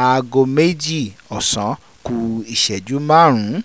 aago méjì ọ̀sán ku ìṣẹ́jú márùn-ún